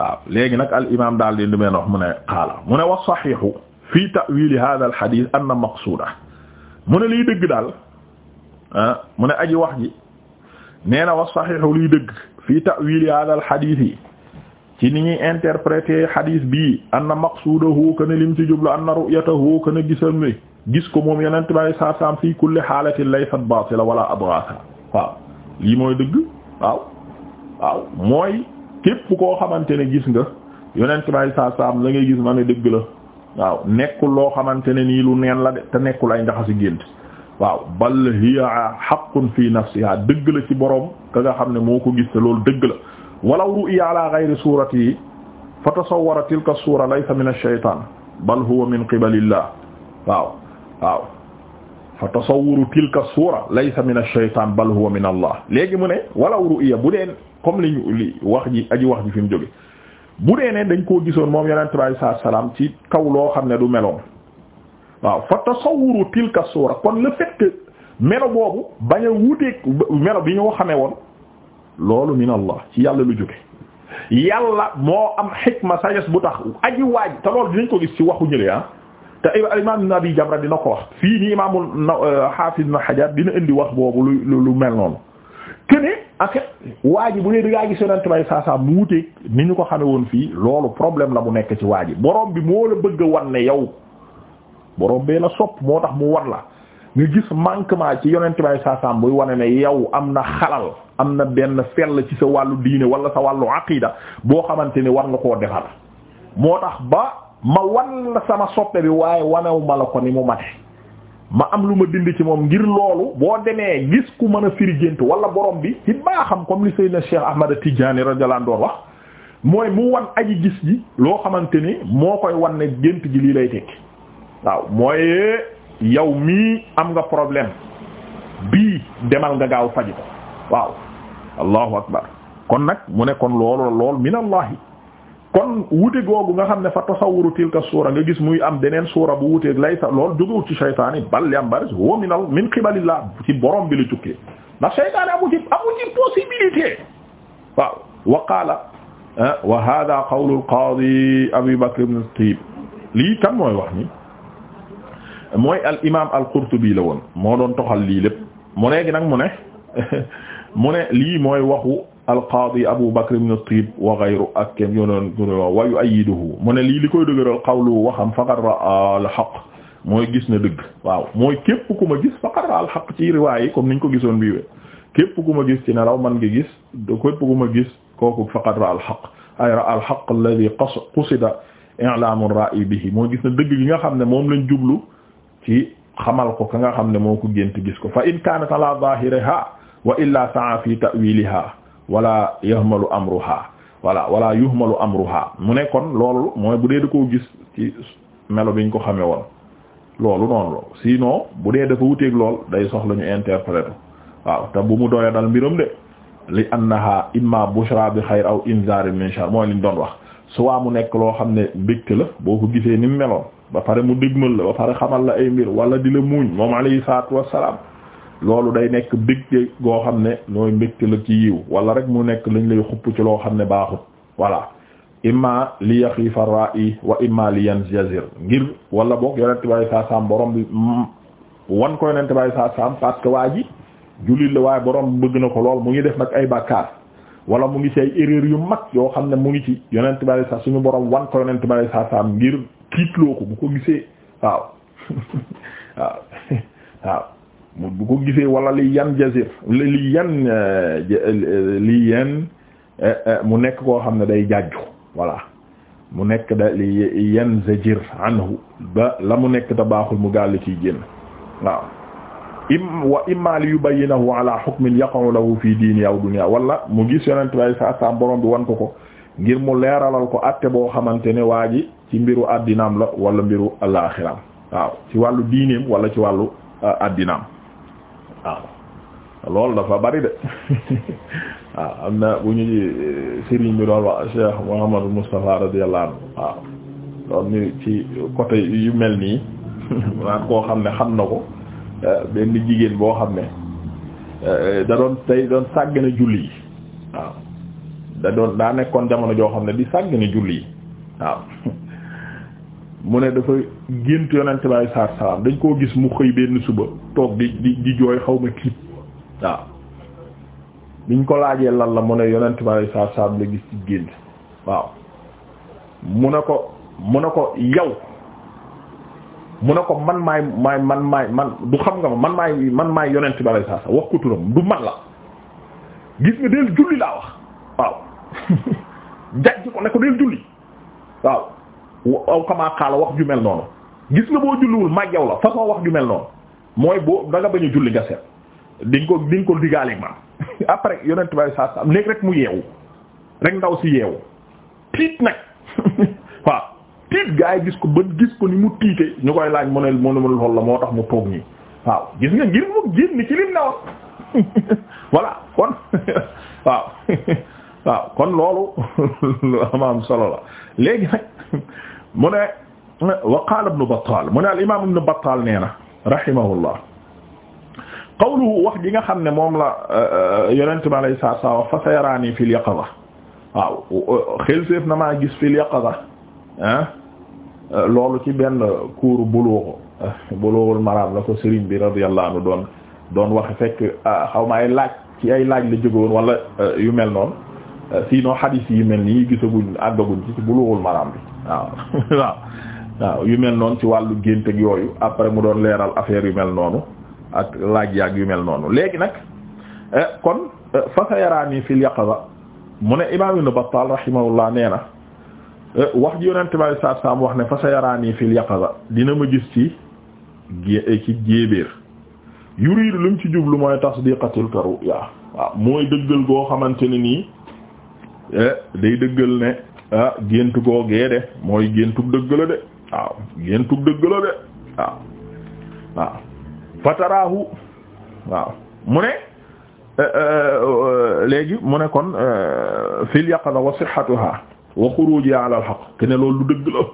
waaw léegi nag al daal di leen wax mu ne qaala mu ne wa saxiixu fii ta'wiili haadha al hadiis anna maqsuuda mu ne liy dëgg daal ah mu ne aji wax ji nee na wa saxiixu liy dëgg fii ta'wiili haadha al hadiis yi ci ni ñuy interpréter hadis bii anna maqsuudahu kana lim ci jublu anna ru'yatahu kana gisam wi gis ko moom yeneen tubaab yi saa saam fii kulli xaalatin laysat baatila wala adghaasa li mooy dëgg waaw waaw mooy. képp koo xamante ne gis nga yonent may saa saam la ngay gis ma ne dëgg la waaw nekkul loo xamante ne nii lu neen la de te nekkul ay njaxasi gént waaw bal hiya haqqun fi nafsiha dëgg la ci borom ka nga xam ne moo ko gis te loolu dëgg la walaw ru'iya ala ghayri surati yi fa tasawwara tilka sura laysa min ash-shaytan bal huwa min qibali llah waaw waaw fa tasawuru tilka suura laysa min ash-shaytaan bal huwa min allah léegi mu ne walaw ru'ya bu deen comme liñu li wax ji aji wax ji fi mu jóge bu dee ne dañ koo gisoon moom yonente bi alayhi salaatu salaam ci kaw loo xam ne du meloon waaw fa tasawuru tilka suura kon le fait que melo boobu bañ a melo bi ñoo xamee woon loolu min allah ci yàlla lu jóge yàlla moo am xikma sagesse bu tax aji waaj te loolu dinañ ko gis ci waxu ñële ah te imaam ibn Abi Jamra dina ko wax fii nii imaamul Haafiz euh, ibn Hajar dina indi wax boobu lu lu mel noonu que ne en bu dee da ngaa gis yonent bay saa saa mu wuteeg ni ñu ko xamee woon fii loolu problème la bu nekk ci waa ji borom bi moo la bëgg a wan ne yow borom bee la sopp moo tax mu wan la nga gis manquement ci yonent bay saa buy wane ne yow am na xalal am na benn fell ci sa wàllu diine wala sa wàllu aqida boo xamante ni war nga koo defar ma wan la sama soppe bi waaye wanew ma la ko ni mu mate ma am lu ma dindi ci moom ngir loolu boo demee gis ku mën a firi gént wala borom bi ci baaxam comme li Seydina Cheikh Ahmad Tidiane radiyallahu anhu wax mooy mu wan aji gis ji loo xamante ni moo koy wan ne gént gi lii lay tekki waaw mooy yow mii am nga problème bii demal nga gaaw faji ko waaw allahu akbar kon nag mu ne kon loolu lool minallahi kon wute googu nga xam ne fa tasawuru tilka suura nga gis muy am beneen suura bu wuteeg laysa lool jógewut ci shaytaan yi bal yam baris huwa minal min qibalillah ci borom bi li tukkee ndax shaytaan amu ci amu ci possibilité waaw wa qaala ah, wa hada qawlu al-qaadi Abi Bakr ibn Tib lii kan wax ni mooy al imaam al-Qurtubi la woon moo doon toxal lii lépp mu léegi nag mu ne mu ne lii mooy waxu alqaadi Abu Bakr ibn Tib wa ghayru ak kenn yonoon wa yu'ayyiduhu mu ne lii li koy dëgëral qawlu waxam faqad ra'a al-haqq mooy gis na dëgg waaw mooy képp ku ma gis faqad ra'a al-haqq ci riwaay yi comme niñ ko gisoon bii we képp ku ma gis ci nelaw man nga gis képp ku ma gis kooku faqad ra'a al-haqq ay ra'a al-haqq alladhi qusida i'lamu ar-ra'i bihi mooy gis na dëgg gi nga xam ne moom lañ jublu ci xamal ko ka nga xam ne moo ko gént gis ko fa in kaanat ala zahiriha wa illa sa'a fi ta'wiliha wala yahmalu amruha wala wala yuhmalu amruha mu nekkoon loolu mooy bu dee da koo gis ci melo biñ ko xamee woon loolu noonu la sinon bu dee dafa wuteeg lool day soxla ñu interpréter waaw te bu mu doya dal mbiram de li annaha imma bushra bi xayr aw inzar min shar mooy liñ doon wax soit mu nekk loo xam ne mbégte la boo ko gisee ni mu meloon ba pare mu digmal la ba pare xamal la ay mbir wala di la muuñ moom alayhi salaatu wassalaam loolu day nekk mbégte goo xam ne looy mbégte la ci yiw wala rek mu nekk lañ lay xupp ci loo xam ne baaxut voilà imma li yaxiifa ra'i wa imma li yanjazir ngir wala boog yonente bàyyi saa boroom bi wan ko yonente bàyyi saa parce que waa ji jullit la waaye borom bëgg na ko lool mu ngi def nag ay bàkkaar wala mu ngi ci ay yu mag yoo xam ne mu ngi ci yonente bàyyi saa suñu borom wan ko yonente bàyyi saa saam ngir tiitloo ko bu ko gisee waaw waaw mu bu ko gisee wala li yan jazir li yan li yan euh, euh, euh, mu nekk koo xam ne day jàjju voilà mu nekk da li yan zajir anhu ba la mu nekk te baaxul mu gàll ciy génn waaw im wa imma li yubayyinahu ala hukmin yaqa'u lahu fi diini aw wala mu gis yonent bay sa sa borom bi wan ko ko ngir mu leeralal ko atte boo xamante ne waa ji ci mbiru àddinaam la wala mbiru alaaxiraam waaw ci wàllu diineem walla ci wàllu addinaam waaw loolu dafa bari de waaw am na bu ñu sëriñ bi doon wax Cheikh Mouhamadou Moustapha radiyallahu waaw doon ni ci côté yu mel nii mu naan koo xam ne xam na ko eh, benn jigéen boo xam ne eh, da doon tey doon sàgg na julli yi waaw da doon daa nekkoon jamono joo xam ne di sàgg na julli yi waaw mu ne dafa gént yonent bi alayhi salaam dañ koo gis mu xëy benn suba toog di di di jooy xaw ma clip waaw biñ ko laajee lan la mu ne yonent bi alayhi salaatu salaam la gis ci gént waaw mu ne ko mu ne ko yow mu ne ko man maay maay man maay man du xam nga ma man maay man maay yonent bi alayhi salaatu salaam wax ko turam du man la gis nga del julli laa wax waaw jajj ko ne ko del julli waaw aw kamaa xaala wax ju mel noonu gis nga boo julliwul màjjaw la façon wax ju mel noonu mooy boo da nga a julli nga seet di nga ko di ko digaale ma après yonent bay saa sam léegi rek mu yeewu rek ndaw si yeewu tiit nag waaw tiit gaa yi gis ko ba gis ko ni mu tiite ñu koy laaj mu ne mu loolu la moo tax mu toog nii waaw gis nga ngir mu génn ci lim na voilà kon waaw waaw kon loolu lu am am solo la léegi nag mu ne wa qaala ibnu Battaal mu ne al imaam ibnu Battaal nee na rahimahullah qawluhu wax ji nga xam ne moom la euh, yonent bi alayhi salaatu wa salaam fa sayaraanii fil yaqaza waaw xel seef na maa gis fil yaqaza ah loolu ci benn kuur Buluugh Buluughul Maraam la ko Sëriñ bi radiyallahu anhu doon doon waxe fekk ah, xaw ma ay laaj ci ay laaj la jógoon wala euh, yu mel noonu euh, sinon hadith yi mel nii gisaguñ àggaguñ ci Buluughul Maraam bi waaw waaw yu mel noonu ci wàllu gént yooyu après mu doon leeral affaire yu mel noonu ak laaj yaag yu mel noonu léegi nag eh, kon eh, fa sa yaraani yàq yaqaza mu ne imaam ibn Battal nee na eh, wax ji yonente bi alei saatu salaam wax ne fa sa yaraani fil yaqaza dina ma gis ci gé ci jéebéer yuriidu lu mu ci jublu mooy tasdiqatil karu yaa waaw mooy dëggal goo xamante ne nii day dëggal ne gént ah, géntu googee de mooy géntug dëgg la de waaw géntug dëgg la de waaw waaw fataraahu waaw mu ne eh, eh, léegi mu ne kon eh, fil yaqana wa sihhatuha wa xurujiha ala al haqq kene loolu lu dëgg la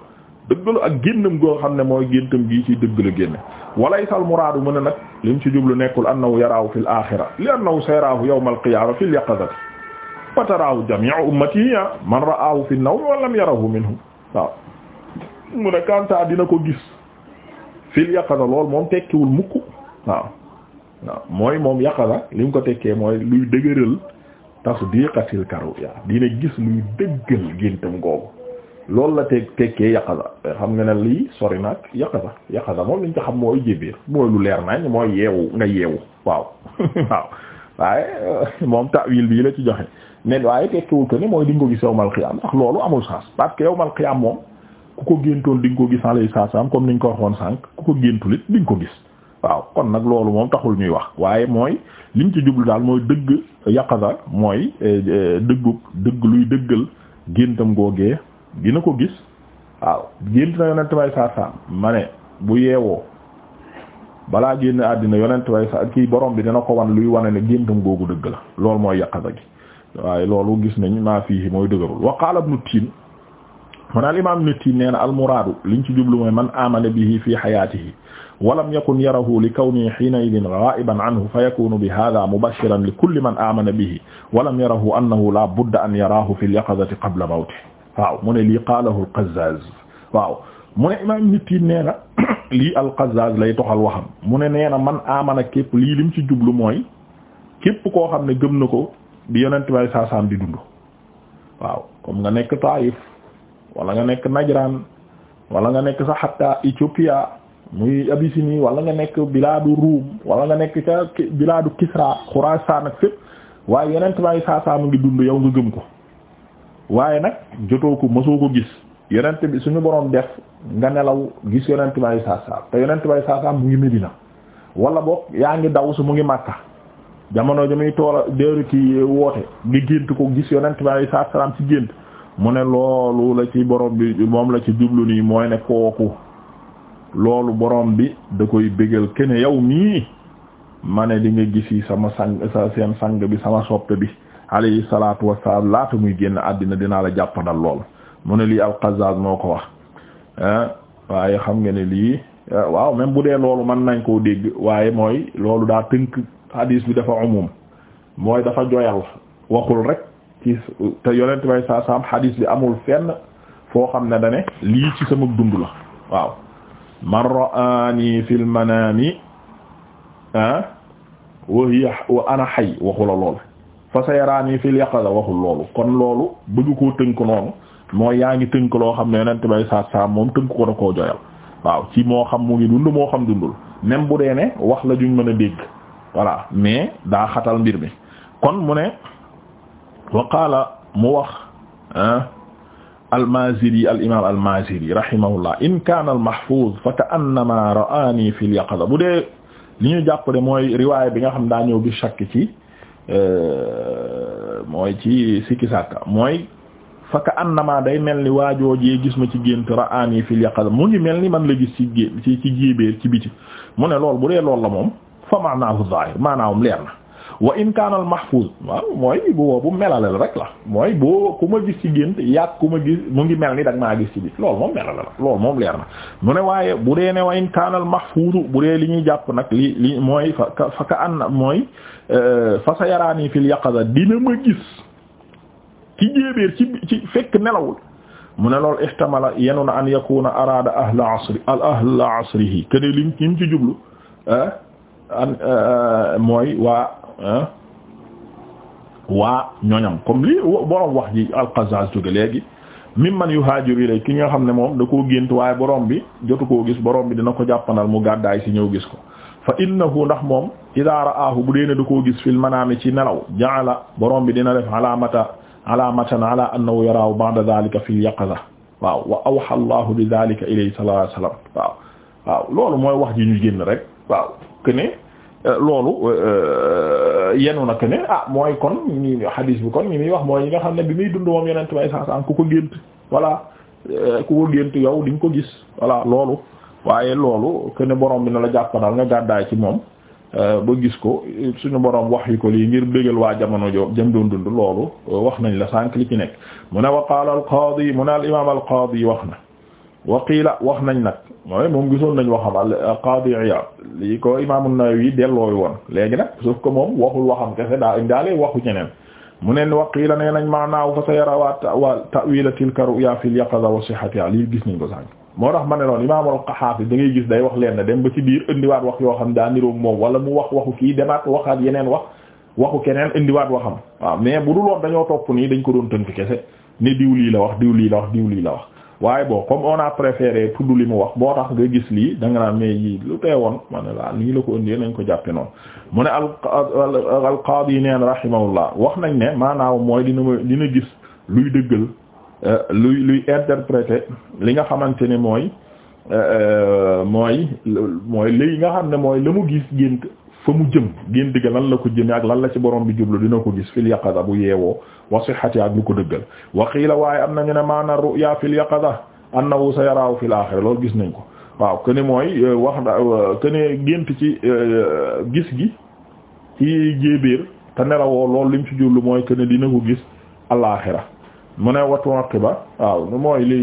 dëgg la ak génnam goo xam ne mooy géntam gi ci dëgg la génne walaysal muraadu mu ne nag lim ci jublu nekkul annahu yaraahu fil axira li annahu sayaraahu yawmal qiyaama fil yaqazati fataraahu jami'u ummati ah, man ra'ahu fi an-nawm wa lam yarahu minhum waaw mu ne kanta dina ko gis fil yaqaza lool moom tekkiwul mukk waaw waaw mooy moom yaqaza li ko tekkee mooy luy dëgëral tasdiqatil karuya dina gis luy dëggal géntam googu loolu la te tekkee yaqaza xam nga ne lii sori nag yaqaza yaqaza moom liñ ko xam mooy jébbiir mooy lu leer nañ mooy yeewu nga yeewu waaw waaw waaye moom ta'wil bii la ci joxe mais waaye tekkiwul que ne mooy di ko gis yawmal qiyaam ndax loolu amul sens parce que yawmal qiyaam moom ku ko géntoon di ko gis alay saa saam comme ni ko waxoon sànq ku ko géntulit di nga ko gis waaw kon nag loolu moom taxul ñuy wax waaye mooy liñ ci jublu daal mooy dëgg yaqaza mooy eh, eh, dëggu dëgg luy dëggal géntam googee dina ko gis waaw gént na yonent bay saa ma ne bu yeewoo balaa génn àddina yonent bay saa kii borom bi dina ko wan luy wane ne géntam googu dëgg la loolu mooy yaqaza gi waaye loolu gis nañ maa fiihi mooy dëgërul wa qaala ibnu tiin mu ne al imaam ibnu tiin nee na al muraadu liñ ci jublu mooy man amana bihi fi xayaatihi walam yakun yarahu li kawnihi xiina idin gaa'iban anhu fa yakunu bi haadaa mubashiran li kulli man amana bihi walam yarahu annahu laa budda an yaraahu fi lyaqazati qabla mawtihi waaw mu ne lii qaalahu al-Qazzaaz waaw mu ne imaam ibnu tiin nee na lii al-Qazzaaz lay toxal waxam mu ne nee na man amana képp lii lim ci jublu mooy képp koo xam ne gëm na ko. bi yonent bay saasaam di dund waaw comme nga nekk Taïf wala nga nekk Najran wala nga nekk sa hatta Éthiopia muy Abyssinie wala nga nekk biladu Ruum wala nga nekk ca biladu Kisra Xuraasaan ak fépp waaye yonent bay saasaam ngi dund yow nga gëm ko waaye nag jotoo ko mosoo ko gis yonent bi suñu borom def nga nelaw gis yonent bay saasaam te yonent bay saasaam mu ngi Medina wala boog yaa ngi daw su mu ngi Makka jamono ji muy toola déeru ki woote gi gént ko gis yonent bi alayhi salaatu salaam ci gént mu ne loolu la ci boroom bi moom la ci jublu nii mooy ne kooku loolu borom bi da koy bégal kene yow mii ma ne di nga gis yi sama sang sa seen sang bi sama soppe bi alayhi salaatu wassalaam laata muy génn àddina dinaa la jàppandal lool mu ne lii al-Qazzaz moo ko wax waaye xam nga ne lii waaw même bu dee loolu mën nañ koo dégg waaye mooy loolu daa tënk hadis bi dafa umum mooy dafa joyal waxul rek te yonent bay saa saam bi amul fenn foo xam ne dane lii ci sama dund la waaw man ra'ani fil manami ah wa hiya wa ana hayy waxula lool fa sayarani fil yaqaza waxul loolu kon loolu bëgg koo tënk noonu mooy yaa ngi tënk loo xam ne yonent bay saa moom tënk ko da koo joyal waaw ci moo xam mu ngi dund moo xam dundul même bu dee ne wax la juñ mën a dégg voilà mais daa xatal mbir mi kon mu ne wa mu wax almaziri al imam almaziri rahimahullah in kaana almahfuz fa ka annama ra'aani fi lyaqaza bu dee li ñu jàpp de mooy riwaay bi nga xam daa ñëw bi shakk ci euh, mooy ci sikki sàkka mooy fa ka annama day mel ni waajoojee gis ma ci gént ra'aani fi lyaqaza mu ngi mel ni man la gis ci gé ci ci jéebéer ci biti mu ne lool bu dee lool la moom fa maanaahu zahir maanaawam leer na wa in kaana al mahfuz waaw mooy bu bu melalal rek la mooy boo ku ma gis ci gént yàgg ku ma gis mu ngi mel ni da nga maa gis ci gis loolu moom melala la loolu moom leer na mu ne waaye bu dee ne wa in kaana al mahfuz bu dee li ñuy jàpp nag li li mooy fa fa ka an na mooy euh, fa sa yaraani fil yaqaza dina ma gis ci jéebéer ci ci fekk nelawul mu ne loolu ihtamala yenu na an yakuna araada ahla asri al ahla asrihi kene lim ci jublu ah Euh, euh, mooy waa waa ñoñam comme lii borom wax ji al-Qazzaz jóge léegi mimman yuhaajiru ilay ki nga xam ne moom da koo gént waaye borom bi jotu koo gis borom bi dina ko jàppanal mu gàddaay si ñëw gis ko fa innahu ndax moom idaa ra'aahu bu dee ne da fi gis fil manaami ci nelaw ja'ala borom bi dina def alaamata alaamatan ala annahu yaraahu ba'da dhalika fil yaqaza waaw waaw waaw loolu mooy wax ji ñu rek waaw que ne euh, loolu euh, yenu na que ne ah mooy kon ñu hadis bi kon ñu muy wax mooy yi nga xam ne bi muy dund moom yeneen may saa saa ku ko gént voilà euh, ku ko gént yow di nga ko gis voilà loolu waaye loolu que ne borom bi na la jàppandal nga gàddaay ci moom ba gis ko suñu borom wax yi ko lii ngir bégal waa jamono jo jëm doon dund loolu wax nañ la sànq li ci nekk mu ne wa qaala al qaadi mu ne al imaam al qaadi wax na. waqiila wax nañ nag mooy moom gisoon nañ waxam al Qaadi Iyaad lii ko Imaam An-Nawawi dellooy woon léegi nag sauf que moom waxul waxam kese daa indaalee waxu ñeneen mu neen waqiila nee nañ maanaaw fa sayara wa ta'wiila tilka ru'ya fil yaqaza wa sihhatiha lii gis nañ ko sànq moo tax ma ne noonu Imaam al-Haafiz da ngay gis day wax leen ne dem ba ci biir indiwaat wax yoo xam daa niroog moom wala mu wax waxu kii demaat waxaat yeneen wax waxu keneen indiwaat waxam waaw mais bu dul woon dañoo topp nii dañ ko doon tënk kese ni diw lii la wax diw lii la wax diw la wax waaye bon comme on a préféré tudd li mu wax boo tax nga gis lii da nga naan mais yi lu tee woon ma ne laa nii la ko ëndee nañ ko jàppe noonu mu ne al al qaadi neen rahimahullah wax nañ ne maanaam mooy dina dina gis luy dëggal euh, luy luy interpréter li nga xamante ne mooy euh, euh, mooy mooy li nga xam ne mooy la mu gis gént fa mu jëm génn digga lan la ko jëme ak lan la ci borom bi jublu dina ko gis fil yaqada bu yeewoo wa sihhati ak lu ko dëggal wa qiila waaye am na nañu ne maana ru'ya fil yaqada annahu sa yaraahu fil aaxira loolu gis nañ ko waaw kene mooy euh, wax euh, kene gént ci euh, gis gi ci jéebéer te nelawoo lool lim ci jublu mooy kene dina ko gis al aaxira mu ne watu waqiba waaw mooy li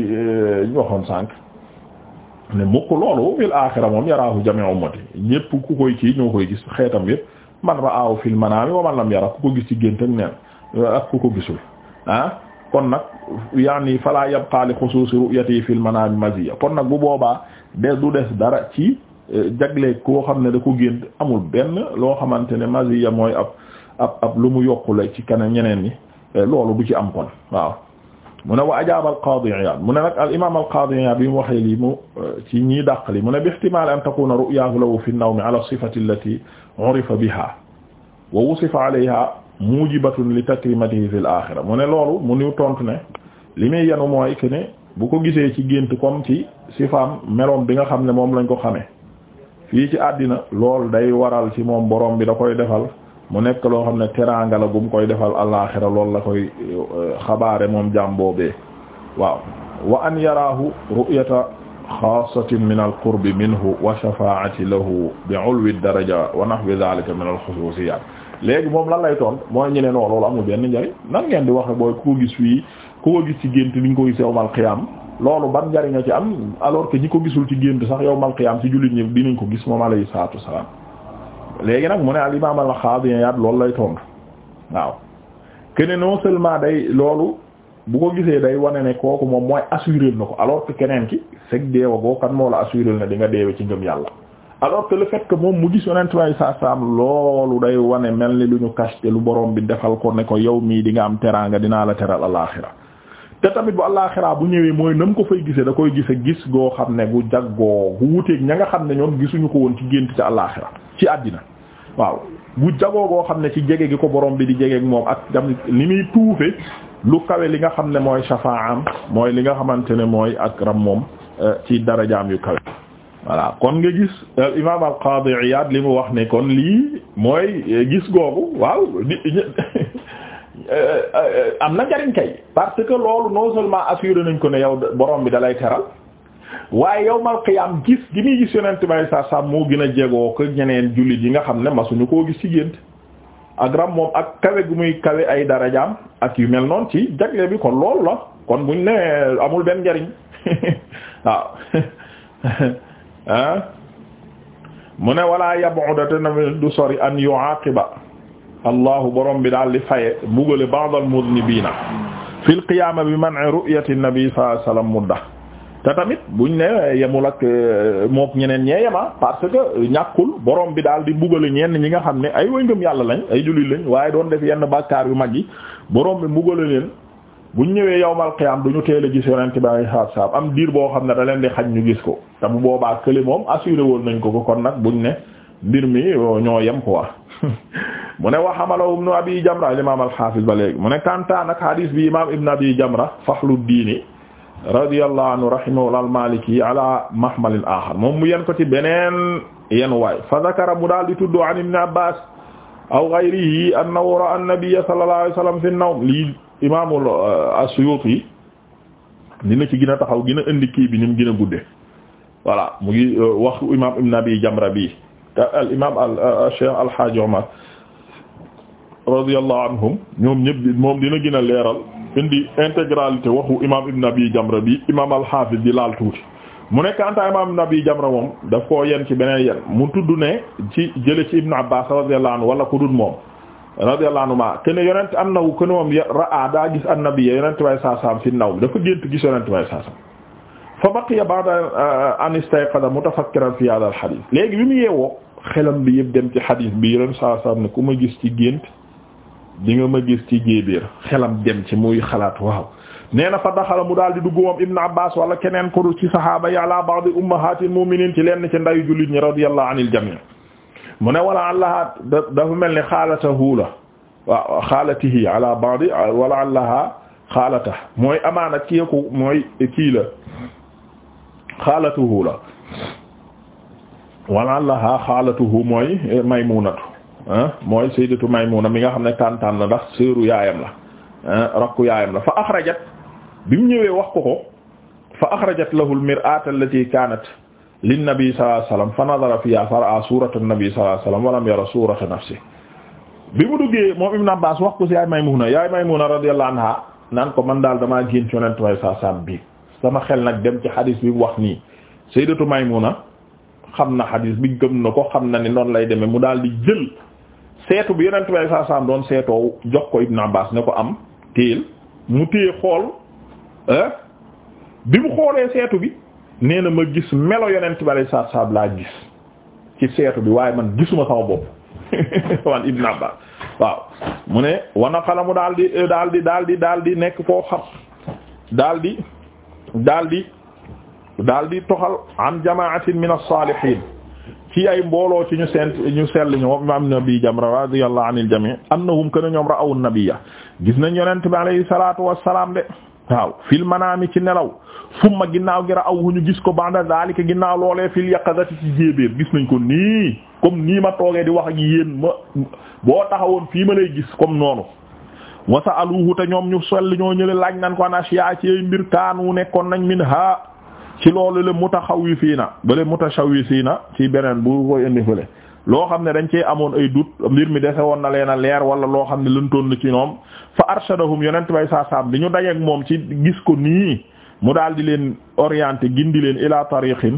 ñu waxoon sànq ne mukk loolu fil aaxira moom yaraahu jami ummati ñépp ku koy kii ñoo koy gis xeetam yépp man raahu fil manaami wa man yara ku ko gis ci gént ak neen ak ku ko gisul ah kon nag yaani fala yabqa li xusuusi ru'yati fil manaami maziya kon nag bu boobaa des du des dara ci eh, jagle koo xam ne da ko gént amul benn loo xamante ne maziya mooy ab ab ab lu mu yokkule ci kanam ñeneen ñi eh, loolu bu ci am kon waaw mu ne wa ajaaba al-qaadi Iyaad mu ne nag al-imaam al-qaadi Iyaad bi mu waxee lii mu ci ñii dàq li mu ne bi ihtimaal an takuuna ru'yaahu lahu fi an-nawmi ala sifati allati urifa biha wa wusifa alayha muujibatun li takrimatihi fi al-aaxira mu ne loolu mu nu tontu ne li muy yanu mooy que ne bu ko gisee ci gént comme ci sifaam meloom bi nga xam ne moom lañ ko xamee fii ci àddina loolu day waral ci moom borom bi da koy defal. mu nekk loo xam ne teraanga la mu koy defal alaaxira loolu la koy euh, xabaare moom jaam boobee waaw wa an yaraahu ru'yata xaasatin min alqurbi minhu wa shafaa'ati lahu bi ulwi daraja wa nahwi dhalika min alxusuusiyaat léegi moom lan lay toon mooy ñu ne non loolu amul benn njariñ nan ngeen di wax booy ku ko gis fii ku ko gis ci gént liñ ko gis yawmal qiyaam loolu ban njariñ a ci am alors que ñi ko gisul ci gént sax yawmal qiyaam ci jullit ñi dinañ ko gis moom alayhi salaatu wa salaam léegi nag mu ne al imaam al Qaadi Iyaad loolu lay tontu waaw kene non seulement day loolu bu ko gisee day wane ne kooku moom mooy assuré na ko alors keneen ki seg deewa goo kan moo la assuré na di nga deewe ci ngëm yàlla alors que le fait moom mu gis yonent way saa loolu day wane mel ni lu ñu kacte lu borom bi defal ko ne ko yow mii di nga am teraanga dinaa la teral alaaxira te tamit bu alaaxira bu ñëwee mooy nam ko fay gisee da koy gise gis goo xam ne gu jaggoo gu wuteeg ña nga xam ne ñoom gisuñu ko woon ci gént ci alaaxira ci àddina waaw bu jagoo boo xam ne ci jege gi ko borom bi di jegeeg moom ak jam li muy tuufe lu kawe li nga xam ne mooy shafaam mooy li nga xamante ne mooy ak ram moom euh, ci darajaam yu kawe voilà kon nga gis al euh, imam al qadi Iyad li mu wax ne kon lii mooy euh, gis googu waaw di am na njariñ kay parce que loolu non seulement assuré nañ ko ne yow borom bi dalay teral waaye yawmal qiyaam gis gi muy gis yonent bay saa saa moo gën a jegoo ko ñeneen julit yi nga xam ne masuñu koo gis ci gént ak ram moom ak kawe gu muy kawe ay darajaam ak yu mel noon ci jagle bi kon lool la kon buñ ne amul benn njariñ waaw ah mu ne wala yab'udata du sori an yu'aqiba allahu borom bi daal di faye bugale ba'd al mudnibina fil qiyaama bi man'i ru'yati nabi sallallahu mudda te tamit buñ ne yemul ak euh, mook ñeneen ñee yema parce que ñàkkul borom bi daal di mbugal ñenn ñi nga xam ne ay way ngëm yàlla lañ ay jullit lañ waaye doon def yenn bàkkaar yu mag yi borom bi mbugal leen buñ ñëwee yowmal qiyaam duñu teel a gis yonent bi ay saab saab am diir boo xam ne da leen di xañ ñu gis ko te bu boobaa kële moom assuré woon nañ ko ko kon nag buñ ne mbir mi euh, ñoo yem quoi mu ne wa hamalahu ibnu abi jamra al imaam al xaafis ba léegi mu ne kantaan bi imaam ibnu abi jamra radiyallahu anhu rahimahullah al-Maliki ala mahmalin akhar moom mu yen ko ci beneen yen waay fa zakara mu daal di tudd an ibn Abbas aw ghayrihi annahu ra'a an-nabiyya sallallahu alayhi wa sallam fi an-nawm lii imaamul uh, as-Suyuti dina ci gën a taxaw gën a indi kii bi ni mu gën a gudde voilà mu ngi uh, waxu imam ibn Abi Jamra bi te al imam uh, al Cheikh al Hadj Omar radiyallahu anhum ñoom ñëpp moom dina gën a leeral indi intégralité waxu imam ibn abi jamra bi imam al di laal tuuti mu nekk anta imam ibn abi jamra moom daf koo yen ci beneen yen mu tudd ne ci jële ci ibn abbas radiyallahu anhu wala ku dul moom radiyallahu anhu ma kene na annahu kene moom ra'a daa gis annabi yonent way saasaam fi naw dafa gént gis yonent way saasaam fa baqiya ba'da uh, an istayqada mutafakkiran fi hadha al-hadith léegi mu yeewoo xelam bi yëpp dem ci hadith bi yonent saasaam ne gis ci di nga ma gis ci jéebéer xelam dem ci muy xalaat waaw nee na fa daxala mu daal di dugg moom ibnu abbas wala keneen ko du ci sahaaba yi ala ba'd ummahatil mu'minin ci lenn ci ndayu jullit ñi radiyallahu anil jami' mu ne wala allaha dafa mel ni xaalatahu la waaw xaalatihi ala ba'd wala allaha xaalata mooy amaana kii ko mooy kii la xaalatuhu la wala allaha xaalatuhu mooy maymunatu mooy sayyidatu Maymuna mi nga xam ne tàntaan la ndax seeru yaayam la rakku yaayam la fa axrajat bi mu ñëwee wax ko ko fa axrajat lahu al-mir'ata allati kanat linnabi sallallahu alayhi wasallam fa nadara fiha fa ra'a surata nabi sallallahu alayhi wasallam wa lam nafsi bi mu duggee moom Ibn Abbas wax ko ci yaay Maymuna yaay Maymuna anha naan ko man daal damaa gént yonent may saa saam bi sama xel nag dem ci xadis bi wax nii sayyidatu Maymuna xam na xadis bi gëm na ko xam na ni noonu lay demee mu daal di jël seetu bi yonent bi saa saam doon seetoo jox ko Ibn Abbas ne ko am téel mu téye xool bi mu xoolee seetu bi nee na ma gis melo yonent bi saa saam laa gis ci seetu bi waaye man gisuma sama bopp wan Ibn Abbas waaw mu ne wana xala mu daal di daal di daal di daal di nekk koo xam daal di daal di daal di toxal an jamaatin min as-salihin ci ay mbooloo ci ñu sent ñu sell ñu moom imaam nabi jamra radiyallahu anil jami' annahum kana ñoom ra'aw nabiyya gis nañ yonent bi alayhi salaatu wassalaam de waaw fil manaami ci nelaw summa ginnaaw gi gis ko ba'da zaalika ginnaaw loolee fil yaqazati ci jéebéer gis nañ ko nii comme nii ma toogee di wax ak yéen ma boo taxawoon fii ma lay gis comme noonu wasa aluhu te ñoom ñu sell ñoo ñële laaj ko an ashiya ci ay mbir kaanu nekkoon nañ min ha ci loolu le mutaxawwifiina bale mutashawwifiina ci beneen bu koy indi le loo xam ne dañ cee amoon ay dut mbir mi dese woon na leen a leer wala loo xam ne lëntoon na ci moom fa arshadahum yonent bay saa saam bi ñu dajeek moom ci gis ko nii mu daal di leen orienté gindi leen la ila la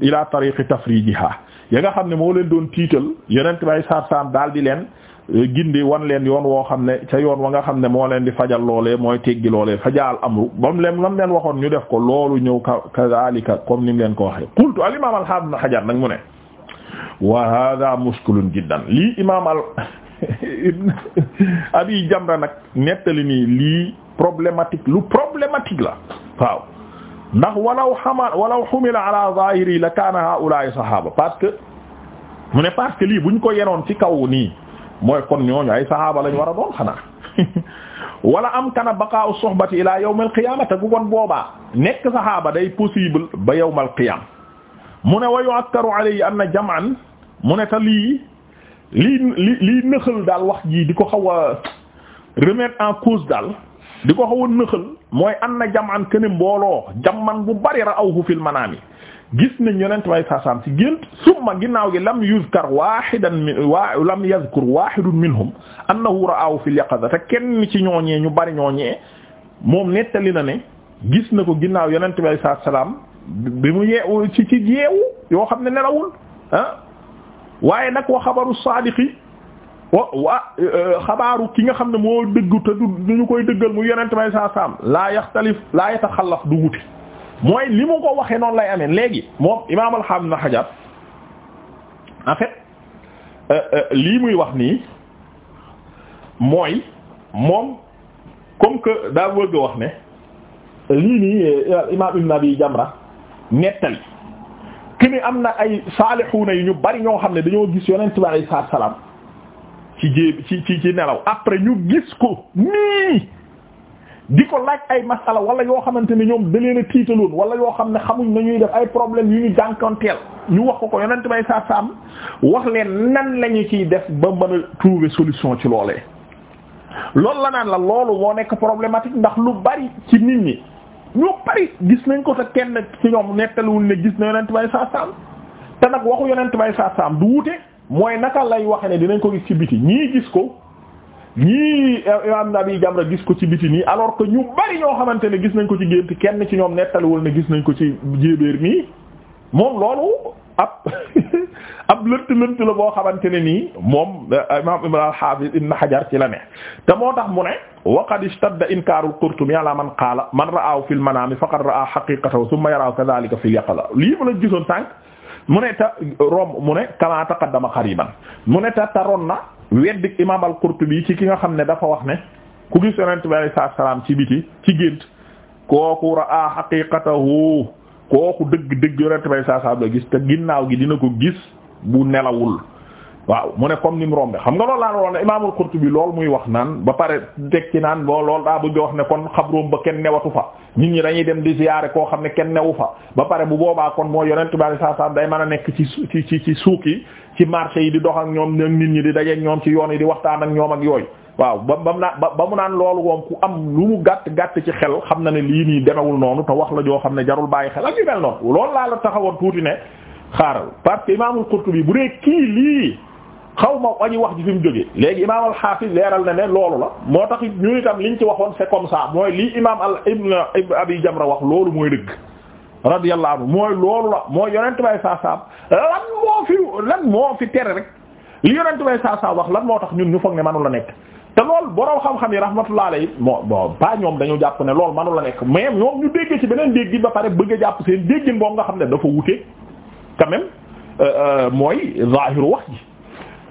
ila tariqi tafrijiha ya nga xam ne moo leen doon tiital yonent bay saa saam daal di leen gindi wan leen yoon woo xam ne ca yoon wa nga xam ne moo leen di fajal loolee mooy teggi loolee fajaal amru bam leen lam leen waxoon ñu def ko loolu ñëw ka kadalika comme ni mu leen ko waxee qultu al imam al hafiz hajar nag mu ne wa hada mushkilun jiddan lii imam al ibn jamra nag nettali nii lii problématique lu problématique la waaw ndax walaw xama walaw xumila ala zahiri la kaana haula'i sahaba parce que mu ne parce que lii buñ ko yenoon ci kaw nii mooy kon ñooñu ay saxaaba lañ war a doon xanaa wala am kana baqa'u suhbati ila yawmal qiyamah te ku kon boobaa nekk saxaaba day possible ba yawmal qiyam mu ne wa yu'akkaru alayhi anna jam'an mu ne te lii li lii nëxal daal wax jii di ko xaw a remettre en cause daal di ko xaw a nëxal mooy anna jam'an kenn mbooloo jamman bu bari ra'awhu fil manami gis nañ yonent way saasaam ci gént summa ginnaaw gi lam yuzkar waahidan min wa lam yazkur waahidun minhum annahu ra'ahu fil yaqaza te kenn ci ñooñee ñu bari ñooñee moom nettali na ne gis na ko ginnaaw yonent way saasaam bi mu yeewu ci ci yeewu yoo xam ne nelawul ah waaye nag wa xabaru saadiqi wa wa euh, xabaaru ki nga xam ne moo dëggu te du ñu koy dëggal mu yonent way saasaam laa yaxtalif laa yataxallaf du wuti mooy li mu ko waxee noonu lay amee léegi moom imaam alxam na xajar en fait euh, euh, lii muy wax nii mooy moom comme que daa bëgg wax ne lii nii euh, imaam ibn yi jamra nettali ki ni am na ay saalixuuna yu ñu bari ñoo xam ne dañoo gis yonent bi alayhi salaam ci jéeb ci ci nelaw après ñu gis ko nii di ko laaj ay masala wala yoo xamante ni ñoom da leen a tiitaloon wala yoo xam ne xamuñ nañuy def ay problème yu ñu jànkonteel ñu wax ko ko yonent bay saa saam wax leen nan lañu ciy def ba mën a trouver solution ci loolee loolu la naan la loolu moo nekk problématique ndax lu bari ci nit ñi ñu bari gis nañ ko te kenn ci ñoom nettaliwul ne gis na yonent bay saa saam te nag waxu yonent bay saa saam du wute mooy naka lay waxe ne dinañ ko gis ci biti ñii gis ko ñii eh, imam Nabi Jamra gis ko ci biti nii alors que ñu bari ñoo xamante ne gis nañ ko ci gént kenn ci ñoom nettaliwul ne gis nañ ko ci jéebéer mii moom loolu ab ab lënt lënt la boo xamante ne nii moom eh, imam ibn al-Hafiz ibn Hajar ci la ne te moo tax mu ne wa qad ishtadda inkaaru al-Qurtubi ala man qaala man ra'aahu fi al-manaami faqad ra'aa haqiiqatahu thumma yaraahu kadhaalika fi al-yaqaza lii mu la gisoon sànq mu ne ta rom mu ne kama taqaddama qariban mu ne ta taroon na weddik imaam al-Qurtubi ci ki nga xam ne dafa wax ne ku gis yonent bi alayhi salaam ci biti ci gént kooku ra'a haqiqatahu kooku dëgg dëgg yonent bi alayhi salaam la gis te ginnaaw gi dina ko gis bu nelawul waaw mu ne comme ni mu rombe xam nga loolu laa ne imaamul Qurtubi lool muy wax naan ba pare tekki naan boo loolu daa bëgg wax ne kon xabroom ba kenn newatu fa nit ñi dañuy dem di ziyaare koo xam ne kenn newu fa ba pare bu boobaa kon moo yonent bi sallallahu alayhi wasallam day mën a nekk ci ci ci ci suuk yi ci marché yi di dox ak ñoom ñoom nit ñi di dajeek ñoom ci yoon yi di waxtaan ak ñoom ak yooyu waaw ba ba mu naan ba mu naan loolu moom ku am lu mu gàtt gàtt ci xel xam na ne lii nii demewul noonu te wax la joo xam ne jarul bàyyi xel ak yu mel noonu loolu laa la taxawoon tuuti ne xaaral parce que imaamul Qurtubi bu dee kii lii xaw ma wañu wax ji fi mu jógee léegi imaam al leeral na ne loolu la moo tax ñu li ñu ci waxoon c'est comme ça mooy lii imaam al ibn Abi Jamra wax loolu mooy dëgg radiyallahu anhu mooy loolu la moo mooy yonent bay saasaam lan moo fi lan moo fi tere rek li yonent bay saasaam wax lan moo tax ñun ñu foog ne manu la nekk te loolu borom xam-xam yi rahmatullah alayhi moo bon ba ñoom dañu jàpp ne loolu manu la nekk mais ñoom ñu dégg ci beneen dégg ba pare bëgg jàpp seen déggin boobu nga xam ne dafa wute quand même euh, euh, mooy wax ji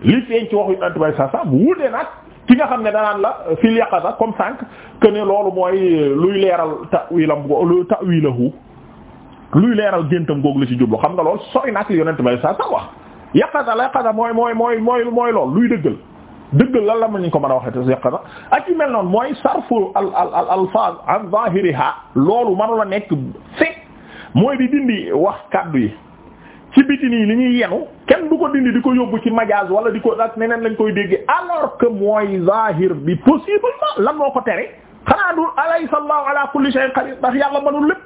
li feeñ ci wax yonent bay sa sa wuute nag ki nga xam ne danaan la fil yaqaza comme sànq que ne loolu mooy luy leeral ta'wilam go lu ta'wilahu luy leeral géntam googu la ci jublu xam nga lool sori nag li yonent bay sa sa wax yaqaza la yaqaza mooy mooy mooy mooy mooy lool luy dëggal dëggal lan la ma ñu ko mën a waxee te yaqaza ak yu mel noonu mooy sarfu al al alfaaz an zahiriha loolu mënula nekk fekk mooy di dindi wax kàddu yi ci biti li ñuy yenu kenn du ko dindi di ko yóbbu ci majaas wala di ko ak neneen lañ koy dégg alors que mooy zahir bi possiblement lan moo ko tere xanaa du alaysa allahu ala kulli shay'in qadir ndax yàlla mënul lépp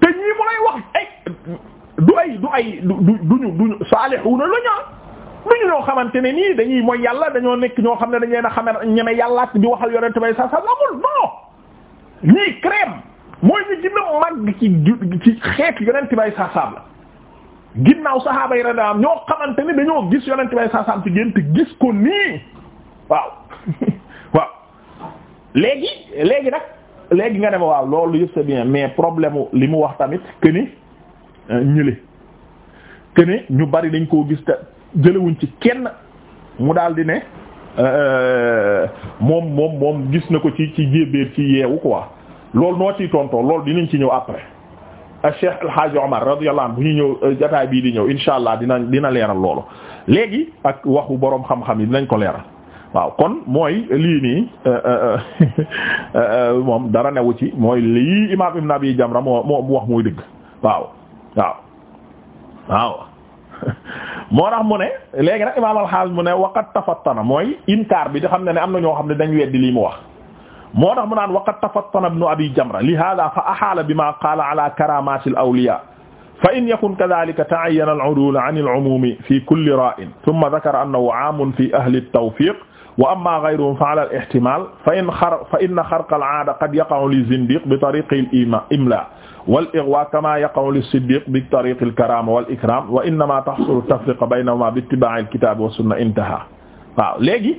te ñii mu lay wax ay eh, du ay du ay du duñu duñu saalihuuna la ñaa ah. duñu ñoo xamante ne nii dañuy mooy yàlla dañoo nekk ñoo xam ne dañ leen a xame ñeme yàllaat di waxal yonente bay sa sa lamul non ñii crème mooy ñu gën mag ci ci xeet yonente bay sa sab la ginnaaw saxaaba yi radiyallahu ñoo xamante ni dañoo gis yonent bay saasaam ci gént gis ko nii waaw waaw léegi léegi nag léegi nga ne ma waaw loolu yëpp c'est bien mais problème li mu wax tamit que ni euh, ñële ñu bari dañ koo gis te jëlewuñ ci kenn mu daal di ne euh, euh, moom moom moom gis na ko ci ci jébbéer ci yeewu quoi loolu noo ciy tontoo loolu dinañ ci ñëw après Cheikh El Hadj Omar radiyallahu anhu bu ñu ñëw euh, jotaay bii di ñëw insha allah dina dina leeral loolu léegi ak waxu boroom xam-xam yi dinañ ko leeral waaw kon mooy lii nii euh, euh, moom dara newu ci mooy lii imaam Ibn Abi Jamra moo moo wax mooy dëgg waaw waaw moo tax mu ne léegi nag imaam al-Hasan mu ne waqat tafattana mooy inkaar bi di xam ne ne am na ñoo xam ne dañ weddi lii mu wax moo tax mu naan waqad tafattana ibnu abi jamra li hada fa ahaala bima qaala ala karamati al awliya fa in yakun kadhalika ta'ayyana al-'udul 'an al-'umumi fi kulli ra'in thumma dhakara annahu 'amun fi ahli at-tawfiq wa amma ghayruhum fa 'ala al-ihtimal fa in khar fa inna kharq al-'ada qad yaqa'u li-zindiq bi tariq al-imla wal-ighwa kama yaqa'u li-siddiq bi tariq al-karama wal-ikram wa innama tahsulu at-tafriqa baynahuma bi ittiba'i al-kitab wa as-sunnah intaha waaw léegi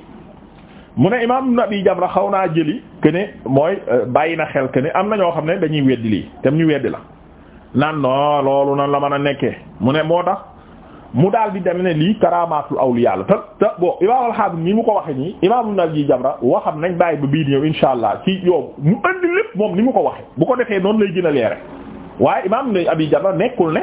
mu ne imaam Nabi Jamra xaw naa jëli que mooy euh, bàyyi na xel que ne am na ñoo xam ne dañuy weddi lii tam ñu weddi la nan non loolu nan la mën a nekkee mu ne moo tax mu daal di dem ne lii karamaatul awliya yàlla te te bon imaam al-Hafiz ni mu ko waxe nii imaam Nabi Jamra waxam nañ bàyyi ba bii di ñëw insha allah ci yoo mu andi lépp moom ni mu ko waxe bu ko defee noonu lay gën a leere waaye imaam abi Jamra nekkul ne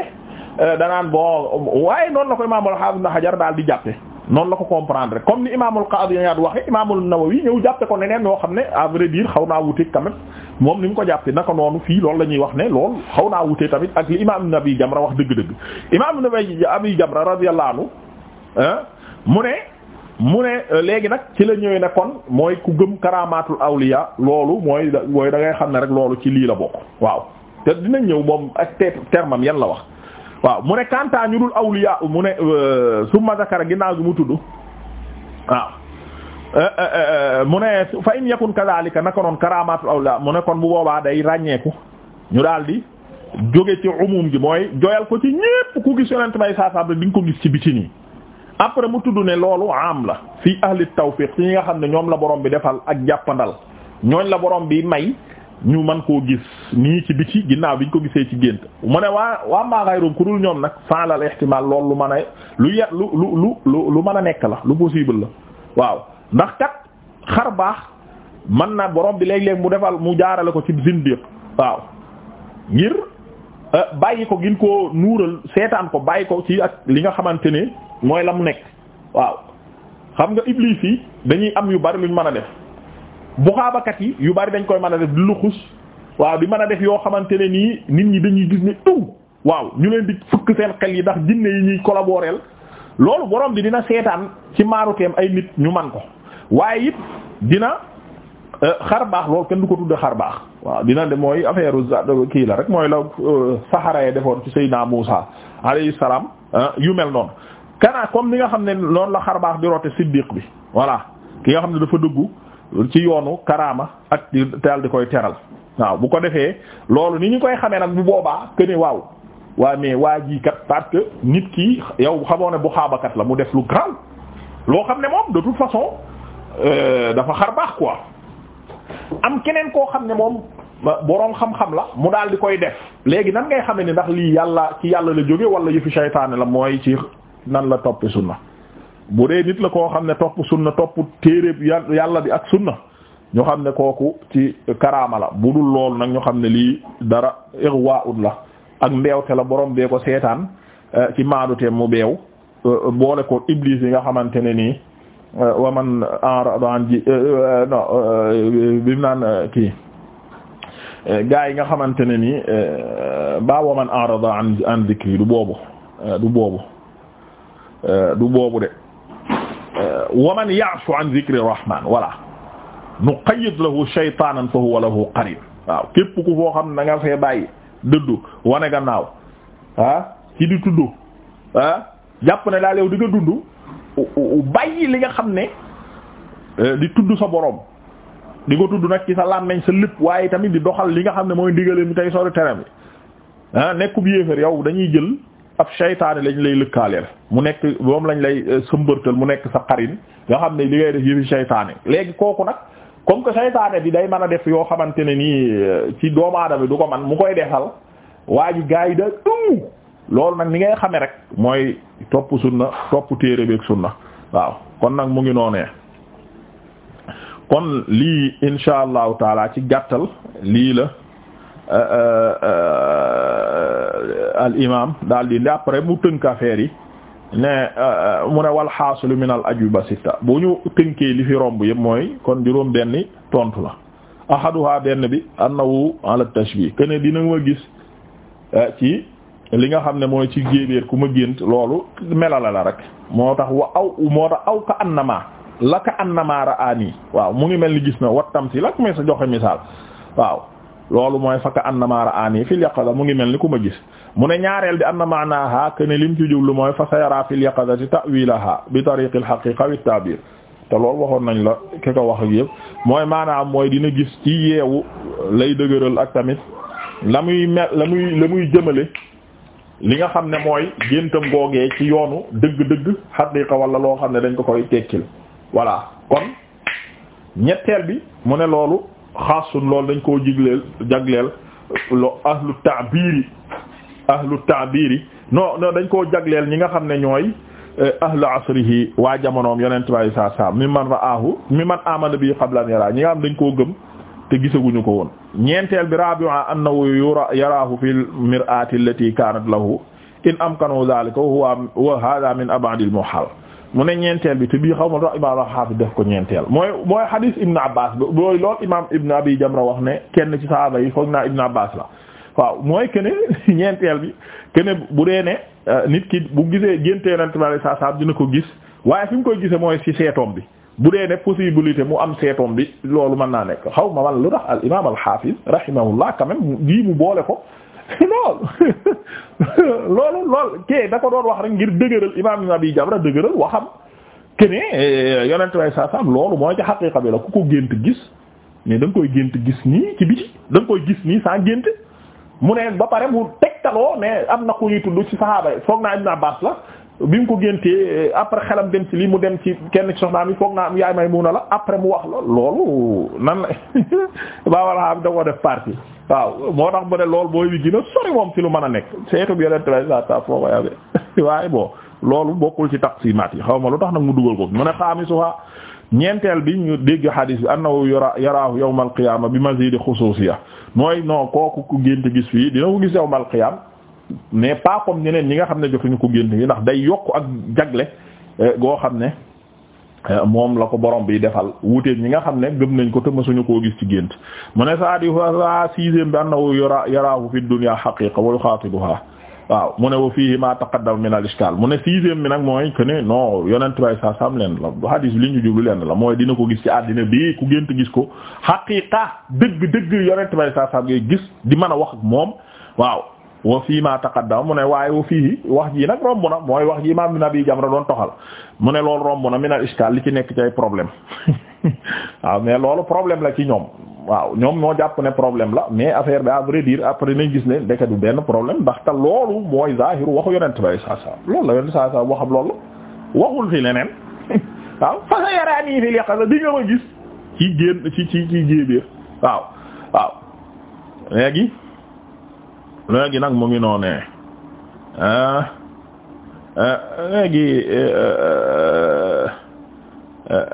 euh, danaan bon waaye noonu la ko imaam al-Hafiz na Hajar daal di jàppe noonu la ko comprendre comme ni imaamul Qaadi Iyaad waxe imaamul Nawawi ñëw jàppe ko neneen yoo xam ne à vrai dire xaw naa wute tamit moom ni mu ko jàppe naka noonu fii loolu la ñuy wax ne loolu xaw naa wute tamit ak li imaam Nabi Jamra wax dëgg-dëgg imaam Nabi Abi Jamra radiyallahu anhu mu ne mu ne euh, léegi nag ci la ñëwee ne kon mooy ku gëm karamatul awliya loolu mooy mooy da ngay xam ne rek loolu ci lii la bokk waaw te dina ñëw moom ak termam yan la wax waaw mu ne kanta ñu dul awliya mu ne euh, summa zakara ginnaaw gi mu tudd waaw euh, euh, mu ne fa in yakun kadhalika naka noon karamatul awliya mu ne kon bu boobaa day ràññeeku ñu daal di jóge ci umum gi mooy joyal ko ci ñépp ku gis yonent may saasab di nga ko gis ci biti nii après mu tudd ne loolu am la fii ahli tawfiq ci ñi nga xam ne ñoom la borom bi defal ak jàppandal ñooñ la borom bi may ñu mën koo gis nii ci ci ginnaaw bi ñu ko gisee ci gént ma ne waa waa maa xayrum ku dul ñoom nag faalal ihtimal loolu lu man a lu yet lu lu lu lu mën a nekk la lu possible la waaw ndax kat xar baax mën naa boroom bi léeg-léeg mu defal mu jaarale ko ci zindiq waaw ngir euh, bàyyi ko gin koo nuural seetaan ko bàyyi ko ci ak li nga xamante ne mooy la mu nekk waaw xam nga iblis yi dañuy am yu bari luñ man a def bu xaabakat yi yu bari dañ koy man a def di luxus waaw bi mën a def yoo xamante ne nii nit ñi dañuy gis ne ëw waaw ñu leen di fukk seen xel yi ndax jinne yi ñuy collaboreel loolu boroom bi dina seetaan ci maaruteem ay nit ñu man ko waaye it dina euh, xar baax loolu kenn du ko tudde xar baax waaw dina de mooy affaire kii la rek mooy la euh, saxara ya defoon ci naa Muusa alayhi salaam yu mel noonu kanaa comme li nga xam ne noonu la xar baax di rote siddiq bi voilà ki nga xam ne dafa dëggu ci yoonu karaama ak di di koy teral waaw bu ko defee loolu ni ñu koy xamee nag bu boobaa que waaw waa mais waa jii kat parce que nit ki yow xamoo ne bu xaabakat la mu def lu graw loo xam ne moom de toute façon euh, dafa xar baax quoi am keneen koo xam ne moom boroom xam-xam la mu daal di koy def léegi nan ngay xamee ni ndax lii yàlla ci yàlla la jóge wala yëfi saytaane la mooy ci nan la toppe sunna bu dee nit la koo xam ne topp sunna topp téere yàlla bi ak sunna ñu xam ne kooku ci karaama la bu dul loolu nag ñu xam ne lii dara irwa ut la ak mbeewte la borom bee ko seetaan eh, ci maaduteem mu beew eh, boole ko iblis yi nga xamante ne nii eh, wa man enrado an ji kii gaa yi nga xamante ne nii ba wa man enrado an an du boobu du boobu du boobu de Euh, wa man ya'shu an dhikri rahman voilà nuqayyid lahu shaytanan fa wala lahu qarin waaw képp ku foo xam ne da nga fee bàyyi dëddu wane gannaaw ah ci di tudd ah jàpp ne daal yow di nga dund bàyyi li nga xam ne euh, di tudd sa borom di ko tudd nag ci sa làmmiñ sa lépp waaye tamit di doxal li nga xam ne mooy ndigalee mi tey sori tere mi ah nekku bi yéefér yow dañuy jël ab shaytaane lañ lay lëkkaaleel mu nekk moom lañ lay euh, sëmbërtal mu nekk sa xarin nga xam ne li ngay def yëfi shaytaane léegi kooku nag comme que shaytaane bi day mën a def yoo xamante ne nii euh, ci doomu aadama bi du ko man mu koy defal waa ji gars yi da loolu nag ni ngay xamee rek mooy topp sunna topp téere beeg sunna waaw kon nag mu ngi noonee kon lii insha allahu taala ci gàttal lii la euh, Euh, al daal di après mu tënk affaire yi ne euh, mu ne wal xaasilu min al ajuba sitta bu ñu tënkee li fi romb yëpp mooy kon juróom benn tontu la ahaduha benn bi annahu ala tashbih kene dina ma gis euh, ci li nga xam ne mooy ci géebéer ku ma gént loolu melala la rek moo tax wa aw moo tax aw ka annama la ka annama ra waaw mu ngi mel ni gis na wattam si lak may sa joxe misaal waaw loolu mooy fakka annama ra'ani fil yaqaza mu ngi mel ni ku ma gis mu ne ñaareel bi anna maanaha ken lim ci jublu mooy fa sayara fil yaqazati ta'wilaha bi tariqil haqiqa wa ta'bir te lool waxoon nañ la ki ko wax ak yëpp mooy maanaam mooy dina gis ci yeewu lay dëgëral ak tamit la muy mel la muy la jëmale li nga xam ne mooy géntam googee ci yoonu dëgg-dëgg haqiqa wala loo xam ne dañ ko koy tekkil voilà kon ñetteel bi mu ne loolu xaasun loolu dañ koo jigleel jagleel lo ahlu ta'biri ahlu dañ koo jagleel ñi nga xam ne ñooy eh, ahlu asrihi waa jamonoom yonent bi saa mi man raahu mi man amana bi qabla an yara xam dañ koo gëm te gisaguñu ko woon ñeenteel bi rabi'a annahu yura yaraahu fi mir'ati allati kanat lahu in amkanu dhalika wa huwa wa min ab'ad al muhal mu ne ñeenteel bi te bii xaw ma dox imaam al def ko ñeenteel mooy mooy hadis Ibn Abbas booy lool imaam Ibn Abi Jamra wax ne kenn ci sahaaba yi foog naa Ibn Abbas la waaw mooy kene ñeenteel bi kene bu dee ne euh, nit ki bu gisee génte yonent bi alayhi salaam dina ko gis waaye fi mu koy gisee mooy ci seetoom bi bu dee ne possibilité mu am seetoom bi loolu mën naa nekk xaw ma wala lu tax al imaam al-Hafiz rahimahullah quand lii mu boole ko lool loolu lool kii da ko doon wax rek ngir dëgëral imaam ibn Abi Jamra dëgëral waxam kene eh, yonent way saa saam loolu mooy ci xaqiiqa bi la ku ko gént gis mais da koy gént gis nii ci bi da nga koy gis nii sans gént mu ne ba pare mu tegtaloo mais am na ku ñuy tudd ci saxaaba yi foog naa Ibn Abbas la bi mu ko géntee eh, après xelam dem ci lii mu dem ci kenn ci soxnaam yi foog naa am yaay may muuna la après mu wax lool loolu nan la baawal xam da ko def partie waaw moo tax mu ne loolu booy ci lu mën a nekk seetu bi waaye bon loolu bokkul ci taqsimaat yi xaw ma lu tax nag mu dugal ko mu ne xaamisuha ñeenteel bi ñu dégg xadiis bi annahu yara yaraahu yawmal qiyaama bi maziidi xusuusiya mooy non kooku ku gént gis fii dina ko gis yawmal qiyaama mais pas comme ñeneen ñi nga xam ne jotuñu ko gént yi ndax day yokk ak jagle eh, goo xam ne eh, moom la ko borom bi defal wuuteeg ñi nga xam ne gëm nañ ko te mësuñu koo gis ci gént mu ne sa di sa sixième bi annahu yara yaraahu fi dunya haqiqa wa yukhatibuha waaw mu ne wa fihi ma taqaddama min al ishkal mu ne sixième bi nag mooy que ne non yonent bay sa leen la hadis bi li ñu jublu leen la mooy dina ko gis ci àddina bi ku gént gis ko haqiqa dëgg dëgg yonent bay sa sam ngay di mën a wax ak moom waaw wa fii ma taqaddama mu ne waaye wa fii wax jii nag romb na mooy wax ji imaam Ibn Abi Jamra doon toxal mu ne loolu romb na min al iskaal li ci nekk ci ay problème waaw mais loolu problème la ci ñoom waaw ñoom ñoo jàpp ne problème la mais affaire bi à vrai dire après nañ gis ne ndeke du benn problème ndax te loolu mooy zaahiru waxu yonent bay saa saa loolu la yonent saa saa waxam loolu waxul fi leneen waaw fa sayaraanii fil yaqaza di nga ma gis ci génn ci ci ci jéebéer léegi nag mu ngi noonee ah, ah léegi ah, ah,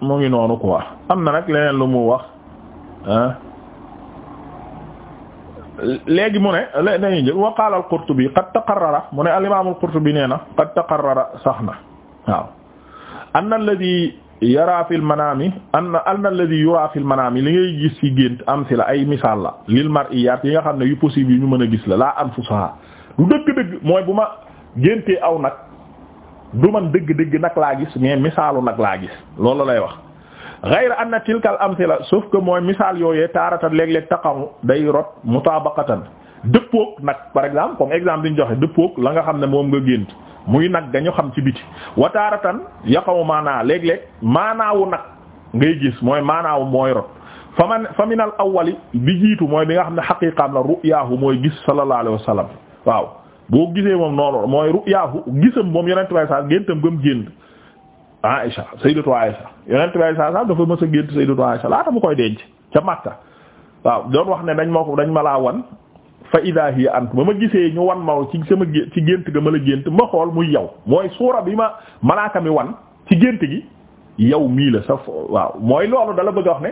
mu ngi noonu quoi am na nag leneen lu mu wax léegi mu ne dañuy jël wa qaala al-Qurtubi qad taqarrara mu ne al-imaam al-Qurtubi nee na qad taqarrara sax na waaw yara fil manaami an an alladhi yura fil manaami li ngay gis ci gént am si la ay misaal la lil mar'iyaat yi nga xam ne yu possible yu ñu mën a gis la laa anfusaha lu dëgg-dëgg mooy bu ma géntee aw nag du man dëgg-dëgg nag laa gis mais misaalu nag laa gis loolu lay wax ghayra anna tilkal amthila sauf que mooy misaal yooyee taaratan léeg-léeg taqamu day rot mutabaqatan dëppook nag par exemple comme exemple diñ joxe dëppook la nga xam ne moom nga gént muy nag dañu xam ci biti wataaratan yaqaw maanaa léeg-léeg maanaawu nag ngay gis mooy maanaawu mooy rot fa man fa min al awwali bi jiitu mooy bi nga xam ne xaqiqaam la ru'yaahu mooy gis sallallahu alayhi wa waaw boo gisee moom noonu mooy ru'yaahu gisam moom yonent bay saa géntam gëm gént Aïcha sayyidatu Aïcha yonent bay saa saa dafa mës a gént sayyidatu Aïcha laata mu koy denc ca Makka waaw doon wax ne dañ ma ko dañ ma laa wan fa idaa hiya ant ba ma gisee ñu wan ma ci sama ci gént ga ma la gént ma xool muy yow mooy suura bi ma malaaka mi wan ci gént gi yow mii la sa waaw mooy loolu dala bëgg a wax ne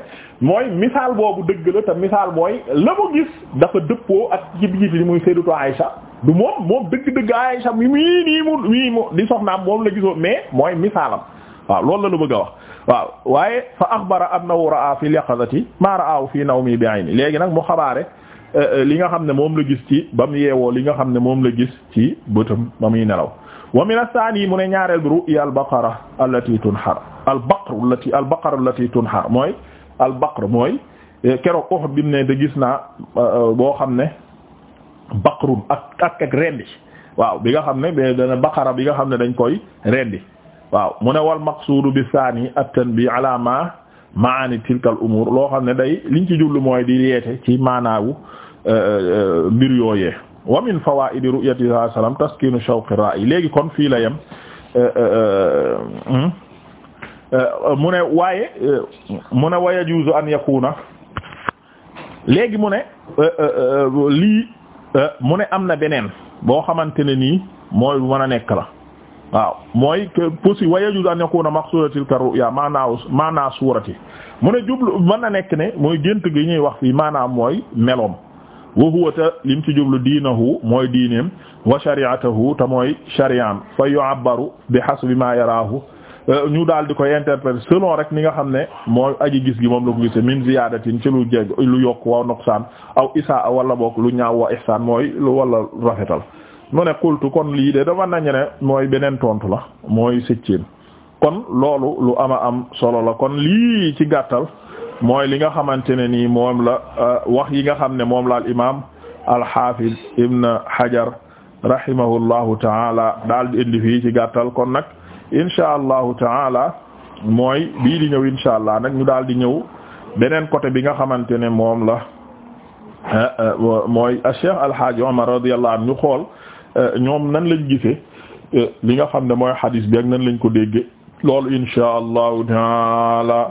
mooy misaal boobu dëgg la te misaal mooy la mu gis dafa dëppoo ak ci biir li muy Sayyidatu Aïcha du moom moom dëgg-dëgg Aïcha mi mii nii mu mu di soxnaam moom la gisoo mais mooy misaalam waaw loolu la lu bëgg a wax waaw waaye fa axbara annahu ra'a fi al-yaqazati ma ra'ahu fi nawmi bi'ayni léegi nag mu xabaare Euh, euh, li nga xam ne moom la gis ci ba mu yeewoo li nga xam ne moom la gis ci bëtam ba muy nelaw wa min asaani mu ne ñaareel bi ru'ya al baqara allati tunhar al baqar allati tunhar mooy al mooy eh, keroog Uhud bi mu ne da gis naa euh, boo xam ne baqarun ak ak ak rendi waaw bi nga xam ne mais dana baqara bi nga xam ne dañ koy rendi waaw mu ne wal maqsuudu bi saani at-tanbiih ala ma maani tilka al umuur loo xam ne day liñ ci jublu mooy di yeete ci maanaawu Euh, euh, mbir yooyee wa min fawaa'idi ru'yati sallallahu taskiinu shawqi raa'i léegi kon fii la yem euh, hmm? mu ne waaye mu ne wa yajuuzu an yakuuna léegi mu ne lii mu ne am na beneen boo xamante ne nii mooy bu mën a nekk la waaw mooy possi wa yajuuzu an yakuuna maqsuuda tilka ru'ya maanaa maanaa suurati mu ne jublu mën na nekk ne mooy gént gi ñuy wax fii maanaam mooy meloom wa huwa ta lim ci jublu diinahu mooy diineem wa shari'atahu te mooy shari'am fa yu'abbaru bi hasbi ma yaraahu ñu daal di koy interpréter selon rek ni nga xam ne mooy aji gis gi moom la ko gisee min ziyaadatin ci lu jeg lu yokk wa nuqsaan aw isaa wala boog lu ñaaw wa ihsaan mooy lu walla rafetal mu ne qultu kon lii de dafa nañu ne mooy beneen tontu la mooy sëcceen kon loolu lu ama am solo la kon lii ci gàttal mooy li nga xamante ne nii moom la euh, wax yi nga xam ne moom la al imaam al-Hafiz Ibn Hajar rahimahullahu taala daal di indi fii ci gàttal kon nag incha allahu taala mooy bii di ñëw incha allah nag ñu daal di ñëw beneen côté bi nga xamante ne moom la euh, euh, mooy Cheikh Alhaji Omar radiyallahu anhu ñu xool ñoom nan lañ gisee li nga xam ne mooy hadis bi ak nan lañ ko dégge loolu incha allahu taala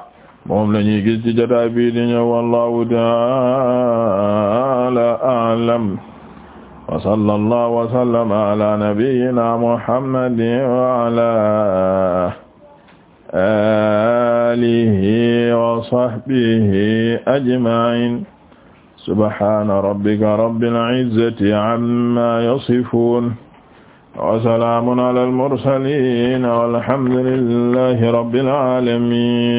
moom la ñuy gis ci jotaay bii di ñëw wallahu ta'ala a'lam wa sallallahu wa sallama ala nabiyyina muhammadin wa ala alihi wa sahbihi ajma'in subhana rabbika rabbil izzati amma yasifun wa salamun ala al mursalin walhamdulillahi rabbil alamin